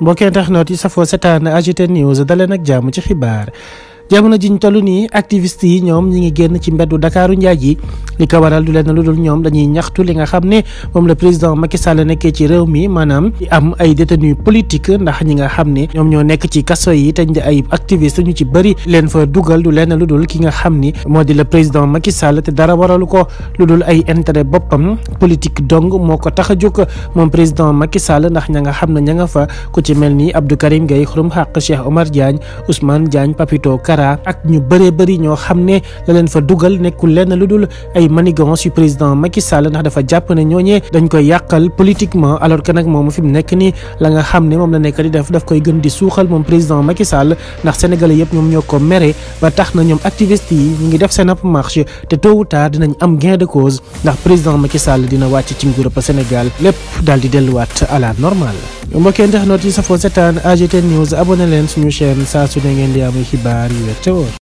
mbokk internet yi safoo setaan AGT news daleen ak jàmm ci xibaar jamono jiñ toll nii activiste yi ñoom ñi ngi génn ci mbeddu Dakaaru njaaj yi li ko waral du leen lu dul ñoom dañuy ñaxtu li nga xam ne moom la président Macky Sall nekkee ci réew mi maanaam am ay détenus politique ndax ñi nga xam ne ñoom ñoo nekk ci kaso yi te ay activiste ñu ci bëri leen fa dugal du leen lu dul ki nga xam ni moo di le président Macky Sall te dara waralu ko lu dul ay intérêt boppam politique dong moo ko tax a jóg moom président Macky Sall ndax ña nga xam ne ña nga fa ku ci mel ni Abdou Karim Gueye Xurum Xaq Cheikh Omar Diagne Ousmane Diagne Papito Kara Kara ak ñu bëree bari ñoo xam ne la leen fa dugal nekkul lenn lu dul ay manigance yu président Macky Sall ndax dafa jàpp ne ñooñee dañ koy yàqal politiquement alors que nag moom fi mu nekk nii la nga xam ne moom la nekk di def daf koy gën di suuxal moom président Macky Sall ndax sénégalais yëpp ñoom ñoo ko mere ba tax na ñoom activistes yi ñu ngi def seen ab marché te tôt ou tard dinañ am gain de cause ndax président Macky Sall dina wàcc ci nguurub Sénégal lépp daal di delluwaat la normale mbokki internet yi safoo seetaan AGT news abonné leen suñu chaîne saa su ngeen di am xibaar yu wér